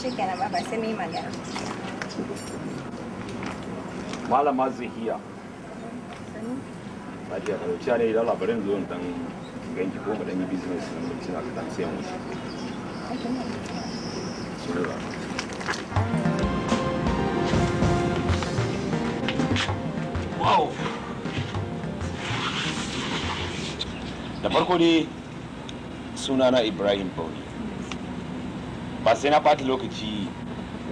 shikenan ba sai mu magana malama zahiya ne da labarin dan ganki ko mu dan yi business na mutum a kadan Wow! Da farko dai sunana Ibrahim Bauni. ba sai na bata lokaci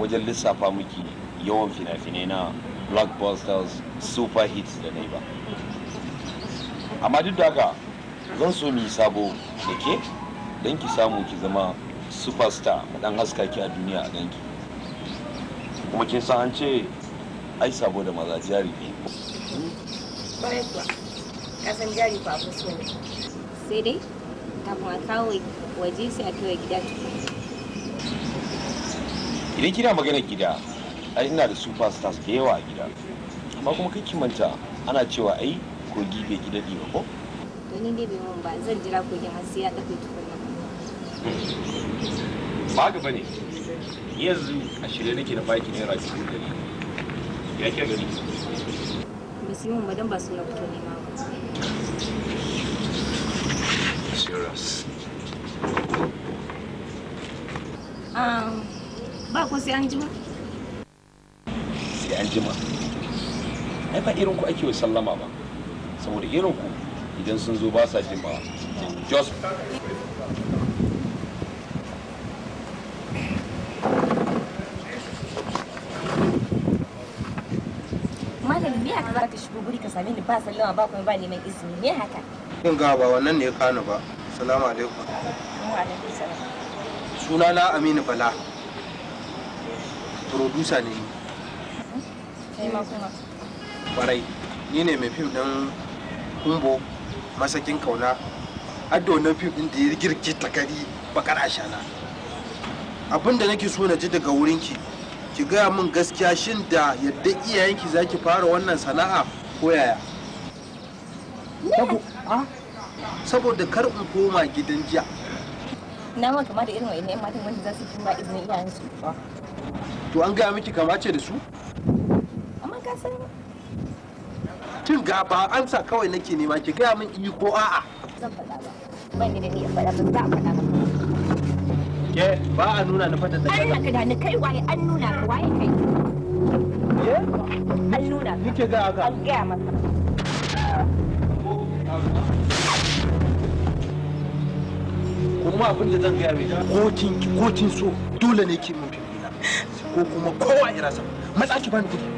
wajen lissafa miki yawan fina-finai na blockbusters super hits da na ba amma duk da haka zan so mu yi sabo da ke don ki samu ki zama superstar dan haska ki a duniya a ganki kuma kin san an ce ai sabo da maza jari ne kwarai jari ba sai dai kafin a kawo waje sai a kawai gida tukun idan kina magana gida ai ina da superstars da yawa a gida amma kuma kai kimanta ana cewa ai kogi bai gida ba ko to ni dai bai mun ba zan jira kogi har sai ya dafe tukunna ba ga bane yanzu a shirye nake da baki naira dubu ɗari ya ke gani ba su yi mun don ba su na fito ne ma ba um ko sai an jima sai an jima ai ba irin ku ake wa sallama ba saboda irin ku idan sun zo ba sa jima just malam me haka za ka shigo guri ka same ni ba sallama ba kuma ba neman izini me haka kin ga ba wannan ne ya kanu ba assalamu alaikum sunana aminu bala producer ne ni. kwarai ni ne mai fim din kumbo masakin kauna addo na fim din da ya girke gari bakar ashana Abinda da nake so na ji daga wurinki ki gaya min gaskiya shin da yadda iyayenki za ki fara wannan sana'a ko yaya ah, saboda kar in koma gidan jiya na ma kama da irin wa'in matan wanda za su fi ma izinin iyayensu ah. to an gaya miki kama ce da su amma ka san kin ga ba amsa kawai nake nema ki gaya min iya ko a'a zan faɗa ba ni da ni faɗa ba za faɗa ba ke ba a nuna na fata da Allah ka gani kai waye an nuna ka waye kai ke an nuna ka kike ga haka an gaya masa kuma abin da zan gaya mai ko kin so dole ne ki mun ko kuma kowa irasa matsaki ba ni kudi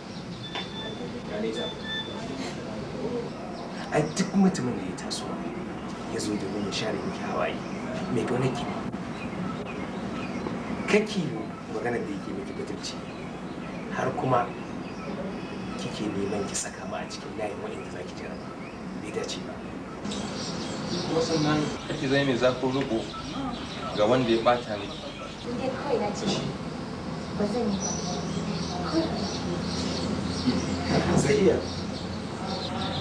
mutumin da ya taso ya zo da ya share miki hawaye mai gona ki kake magana da yake miki butulci har kuma kike neman ki saka ma a cikin layin da za ki jaraba bai dace ba wasan nan kake zai mai zafin rubo ga wanda ya bata ne.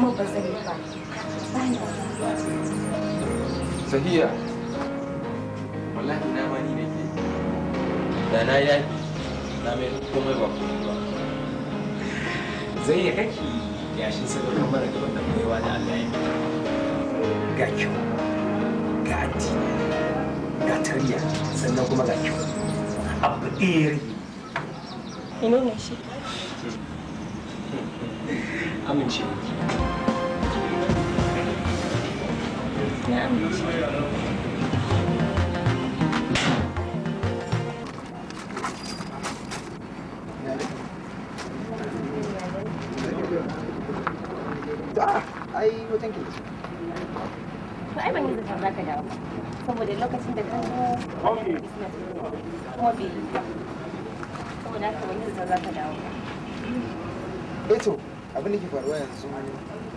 kuma ba zan yi ba sahiya wallahi na ma ni nake da na yaki na mai komai ba komai ba zai ya kake yashin sadaukar mara gaban da baiwa da Allah ya ga kyau ga addini ga tarbiyya sannan kuma ga kyau abu ɗaya Menene shi? Amince miki. damage. Ah, ai wajen ki. To ai ban yi zaton zaka dawo saboda lokacin da kan zo kuma bi saboda haka ban yi zaton zaka dawo. Eh to abin da ke faruwa yanzu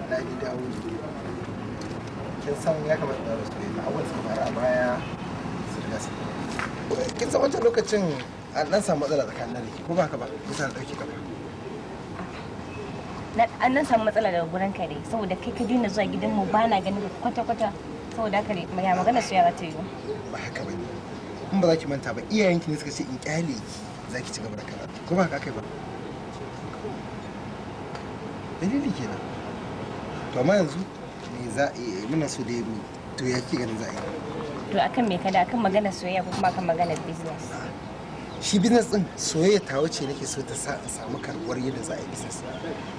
na ji dawo kin san ya kamata da su yi abubuwan suka faru a baya su riga su kin san wancan lokacin an dan samu matsala tsakanin da ke ko ba ka ba kusa da ɗauki kafa an nan samu matsala daga gurin ka dai saboda kai ka daina zuwa gidanmu ba na ganin kwata-kwata saboda haka ne ya magana su ya ta yi ba haka ba ne in ba za ki manta ba iyayenki ne suka ce in kyale ki za ki ci gaba da karatu ko ba haka kai ba dalili kenan to amma yanzu za muna so da yi to ya ki ganin za a yi to akan me kada akan magana soyayya ko kuma akan magana business shi business din soyayya ta wuce nake so ta sa in samu karbuwar yadda za a yi business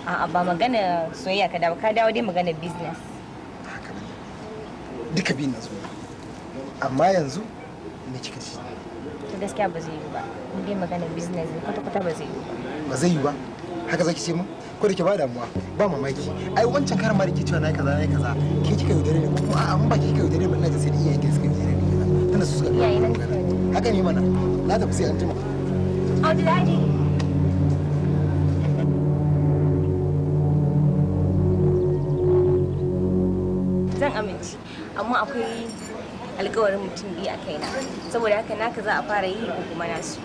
a'a ba magana soyayya ka dawo ka dawo dai magana business haka ne duka biyun na so amma yanzu me kika ci to gaskiya ba zai yi ba dai magana business ne kwata-kwata ba zai yi ba ba zai yi ba haka zaki ce mu ko da ke ba damuwa ba mamaki ai wancan karin mariki cewa na kaza na kaza ke kika yaudare ne kuma a'a an ba ke kika yaudare ba ina ga sai da iyayen ke suka yaudare ne tana su suka haka ne mana na tafi sai an jima. Audu daji. zan amince amma akwai alkawarin mutum biyu a kaina saboda haka naka za a fara yi ko kuma nasu.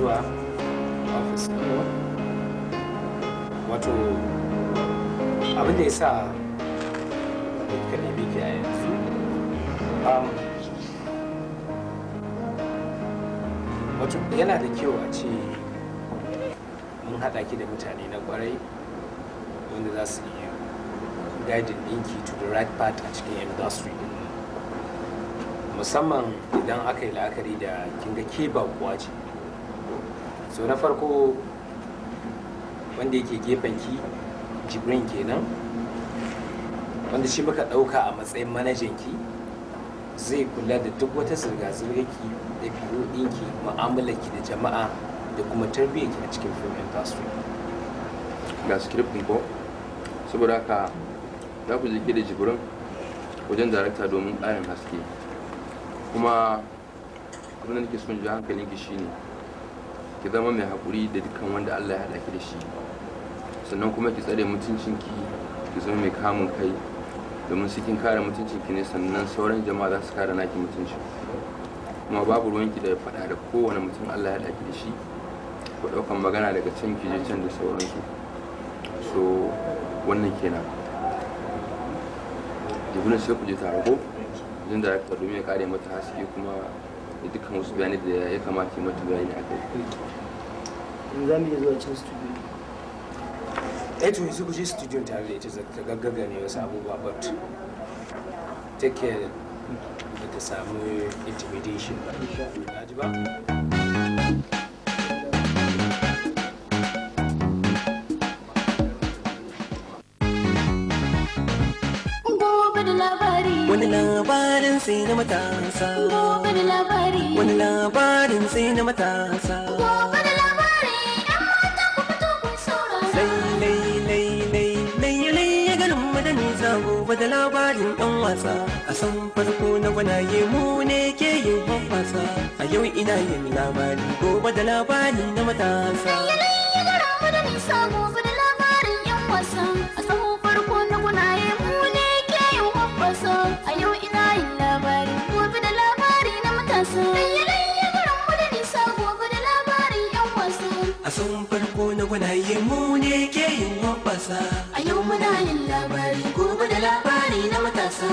zuwa ofis ɗinmu wato abinda ya sa ka nemi biki a yanzu um, wato yana da kyau a ce mun haɗa ki da mutane na kwarai wanda za su yi guiding ɗinki to the right path a cikin industry musamman idan aka yi la'akari da kinga ke ba kuwa ce so na farko wanda yake gefen ki jibrin kenan wanda shi muka ɗauka a matsayin manajan ki zai kula da duk wata zirga-zirga ki da fiyo ɗinki mu'amalar ki da jama'a da kuma tarbiyyar ki a cikin film industry ga script ko saboda haka za ku jike da jibrin wajen darakta domin ƙarin haske kuma abin da nake son ji hankalinki shine ki zama mai haƙuri da dukkan wanda Allah ya haɗa ki da shi sannan kuma ki tsare mutuncinki ki zama mai kamun kai domin su kin kare mutuncinki ne sannan sauran jama'a za su kare naki mutunci kuma babu ruwanki da faɗa da kowane mutum Allah ya haɗa da shi ku ɗaukan magana daga can ki je can da sauransu so wannan kenan jibunan sai ku je tare ko jin da domin ya kare mata haske kuma da dukkan wasu bayanai da ya kamata yi mata bayani a kai za mu iya zuwa cin studio eh to yanzu ku je studio tare da ita ta gaggaga ne wasu abubuwa but take da ta samu intimidation ba ba wani labarin sai na matasa. Wani labarin sai na matasa. Gobe da labarin ‘yan mata ku fito kun saurara. Lai lai lai lai lai ya garin madani za gobe da labarin ɗan wasa. A san farko na gwanaye mu ne ke yin hoppasa. A yau ina yin labari gobe da labari na matasa. Lai lai ya garin madani za gobe da matasa a yau muna yin labari gobe da labari na matasa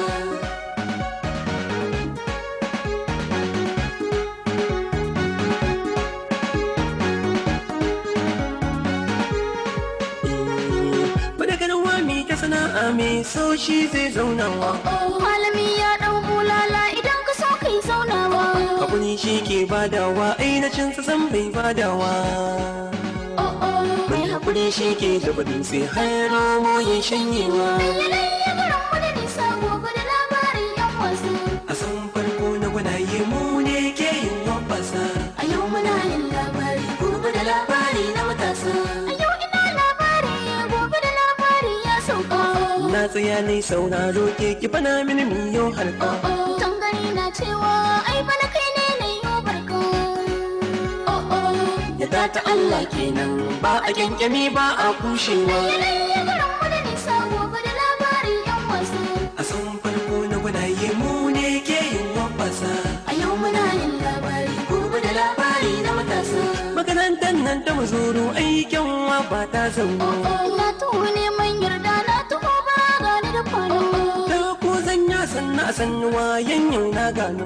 sana'a mai saushi zai zaunawa. Oh, malami ya ɗau bulala idan ka so kai zaunawa. Abu ne shi ke badawa, ainihin sa san bai badawa. Kuɗi shi da taɓa dutse har romo ya shanyewa. A san farko na gwanaye mu ke yin wabasa. A yau muna yin labari gobe da labari na matasa. A yau ina labari gobe da labari ya sauka. Na tsaya ne sauraro ke ki bana mini miyo halka. Oh, oh, Tangani na cewa ai bana kai halitta ta Allah kenan ba a kyankyami ba a kushewa. A san farko na gwanaye mu ne ke yin wabasa. A yau muna yin labari gobe da labari na matasa. Makarantar nan ta mazuru aikin wa ba ta oh, oh, Na tuhu neman yarda na tuhu ba gani da kwano. Ta ko zanya sannan a sanyi wayan na gano.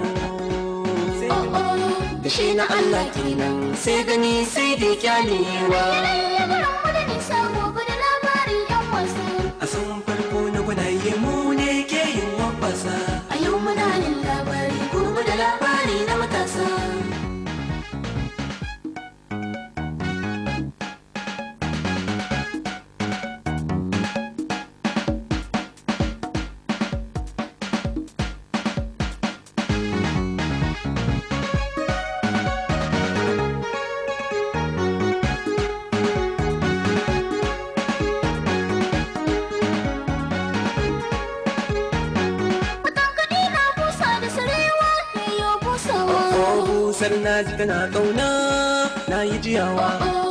da shi na Allah kenan sai gani sai eh, da kyalewa. san na ji tana na yi jiyawa.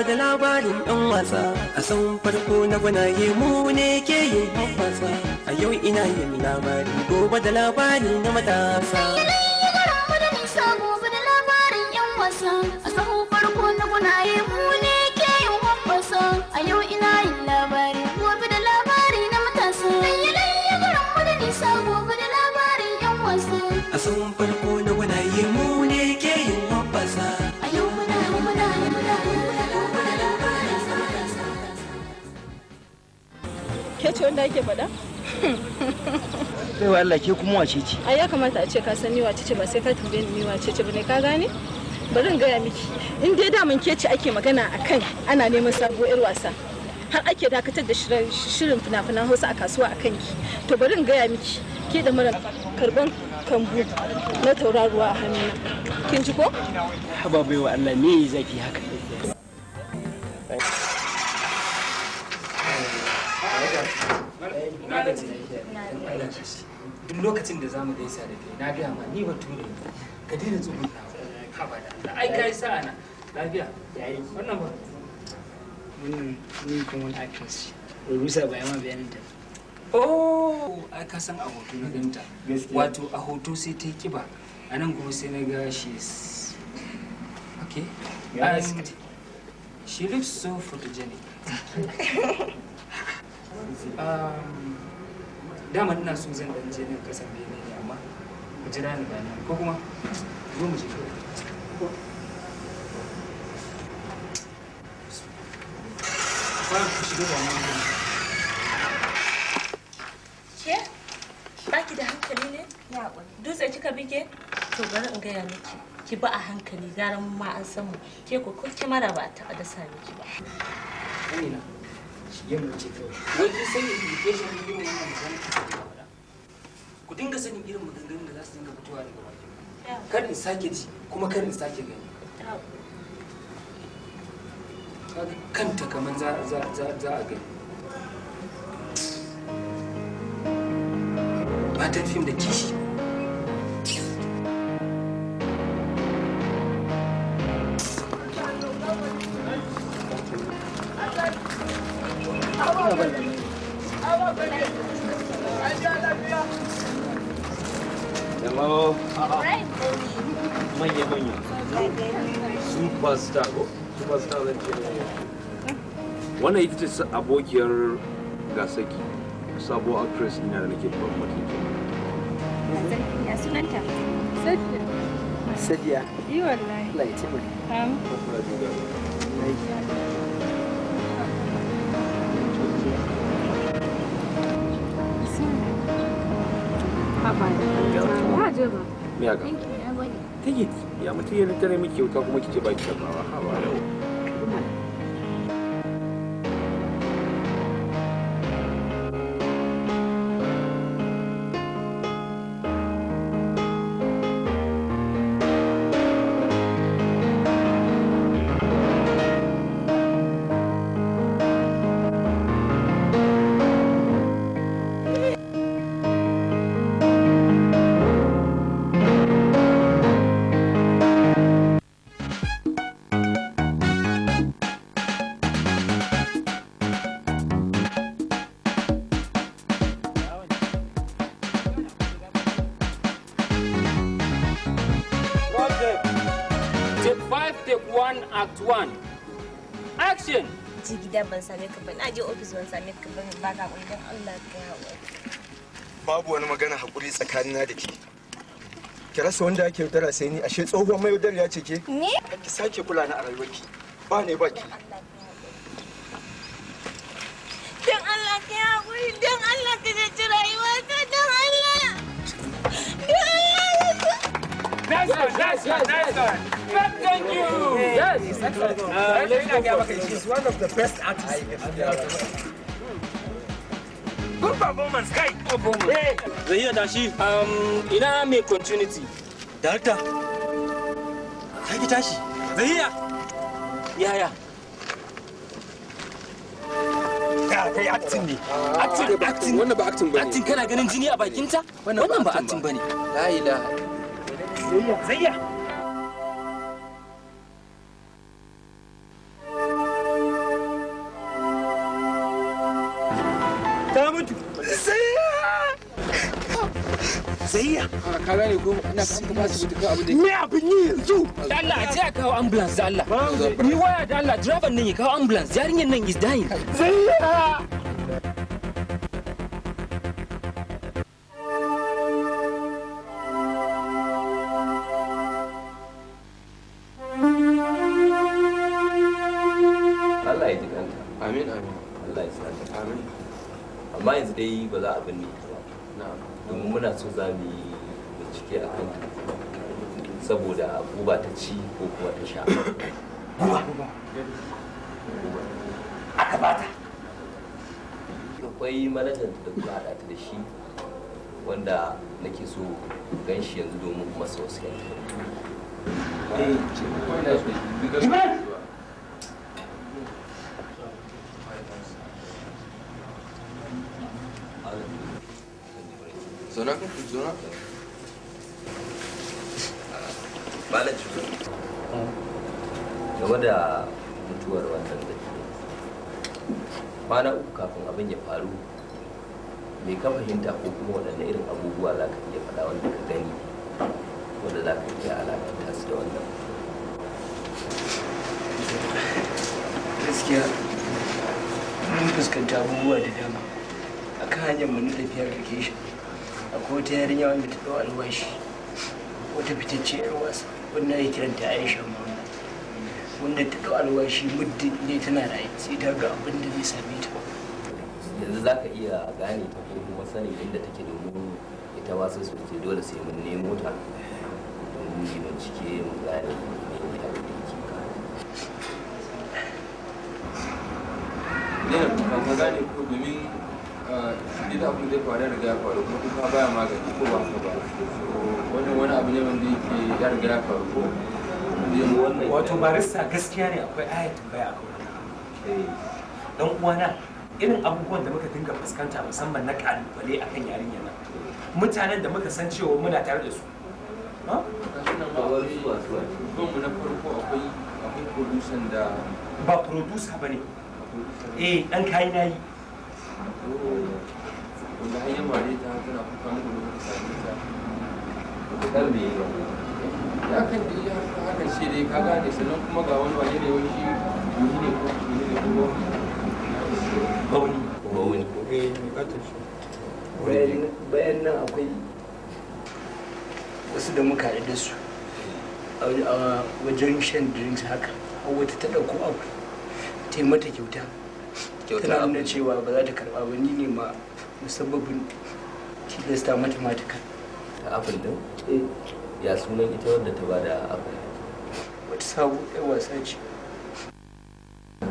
gaba da labarin ɗan wasa a san farko na gwanaye mu ne ke yin hoppasa a yau ina yin labari gobe da labari na matasa A sahun farko na gwanaye mu ne ke yin hoppasa a yau ina yin ce wanda ake faɗa? wa Allah ke kuma wace ce? Ai ya kamata a ce ka san ni wace ce ba sai ka tambaye ni wace ce bane ka gane? Bari in gaya miki. In dai da ke ce ake magana akan ana neman sabuwar 'yar wasa. har ake dakatar da shirin fina-finan hausa a kasuwa a kanki to bari in gaya miki ke da mara karban kambu na tauraruwa a hannu kin ji ko haba baiwa Allah ne zafi haka duk lokacin da zamu gaisa da kai na gaya ma ni ba ne ka na tsugunna abada da ai kai sa'a na lafiya wannan ba wannan ni kuma wani actress rusa ba yama bayanin ta oh ai ka san a hoto na ganta wato a hoto sai ta yi kiba a nan kuma sai na ga shi okay ah, she looks so photogenic Um, dama ina so zan dan je nan kasan bene ne amma jira ni bana ko kuma zo mu je Ke? Baki da hankali ne? Dutse kika bige? To bari in gaya miki. Ki ba a hankali garan ma an samu. Ke ko ko mara ba a taɓa dasa miki ba. Amina. yamma ce kawai wai kun sani implication din irin wannan maganar da kuka faɗa ku dinga sanin irin maganganun da za su dinga fitowa daga bakin kar in sake ji kuma kar in sake gani kanta kamar za a gani fatan fim da kishi superstar ko ce wannan ita ce abokiyar gasaki sabo actress ina da nake ban mutunci ya sunanta sadiya sadiya yi wallahi ya mutum ya littare miki wuta kuma kice baki ki karbawa ha ba yau gida ban same ka ba na je ofis ban same ka ba ba ka kun dan Allah ka haƙuri babu wani magana hakuri tsakanin na da ke ki rasa wanda ake yaudara sai ni ashe tsohuwar mai yaudara ya ce ke ni ki sake kula na a rayuwarki ba ne ba ki dan Allah ka haƙuri dan Allah ka je Yes, yes, yes, yes, yes. thank you. Yes. Uh, She's one of the best artists. Good performance, guy. um, continuity. kai ki tashi. acting ne acting acting acting acting kana ganin jini a bakinta wannan ba acting bane la Zayya. Ta ah, mutu. Zayya. Ka ko yi Da Allah a je kawo ambulance da Allah. Ni waya da Allah driver nan ya kawo ambulance yarinyar nan is dying. Zayya. ba za a binne ta ba domin muna so za mu yi bincike a kan saboda guba ta ci ko kuma ta sha aka bata akwai manajan da kuka haɗa ta da shi wanda nake so ganshi yanzu domin kuma sosai. Eh. Ibrahim! Zona? Bala Juna. Game da mutuwar wannan da ke kwana uku kafin abin ya faru me ka fahimta ko kuma waɗanne irin abubuwa za ka iya faɗa wanda ka gani wanda za ka iya alaƙanta su da wannan gaskiya mun fuskanta abubuwa da dama akan hanyar mu na tafiyar vacation akwai wata yarinya wanda ta ɗau alwashi wata fitacce yar wasa wanda ya kiranta aisha mamman wanda ta ɗau alwashi muddin ne tana da sai ta ga abin da zai same ta yanzu za ka iya gane ta ko kuma sanin inda take domin ita ma sai su ce dole sai mun nemo ta domin mu bincike mu gane ne ya da yake ka ne ka gane ko domin shi da abin zai faru riga ya faru kuma kuma baya magani ko ba haka ba wannan wani abu ne wanda yake ya riga ya faru ko wato barista gaskiya ne akwai ayat baya a kan eh. dan uwana irin abubuwan da muka dinga fuskanta musamman na kalubale akan yarinya nan mutanen da muka san cewa muna tare da su mu na farko akwai akwai producer da ba producer bane eh dan kai yi. wanda kar da yi ya kan da iya haka ce dai ka gane sannan kuma ga wani ne ko bayan nan akwai wasu da muka da su a wajen shan drinks haka wata ta ɗauko abu ta mata kyauta kyauta tana nuna cewa ba za ta karɓa ba ni ne ma musabbabin tilasta mata ma ta karba abin din eh. ya sunan ita wadda ta bada abin wata sabu ɗan wasa ce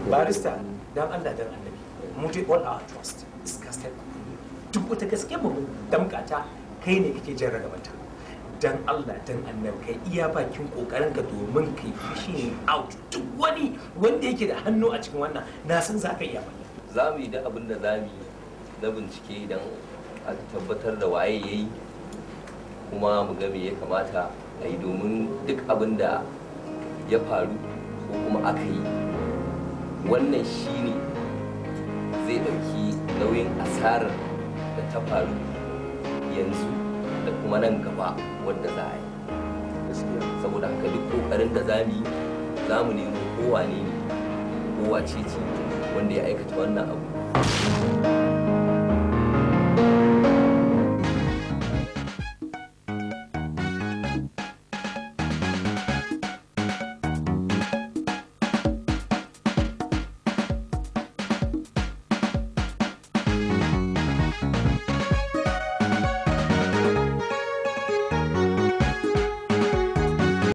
barista dan Allah dan allah mu all our trust is casted duk wata gaske mu damka ta kai ne kake jin ragamata dan Allah dan annabi kai iya bakin kokarin ka domin kai fishing out duk wani wanda yake da hannu a cikin wannan na san za ka iya ba za mu yi da abin da za mu yi na bincike don a tabbatar da waye ya yi kuma mu ga me ya kamata a yi domin duk abin da ya faru ko kuma aka yi wannan shi ne zai ɗauki nauyin asarar da ta faru yanzu da kuma nan gaba wadda za a yi saboda haka duk ƙoƙarin da za mu yi za mu nemo kowa ne kowa ce ce wanda ya aikata wannan abu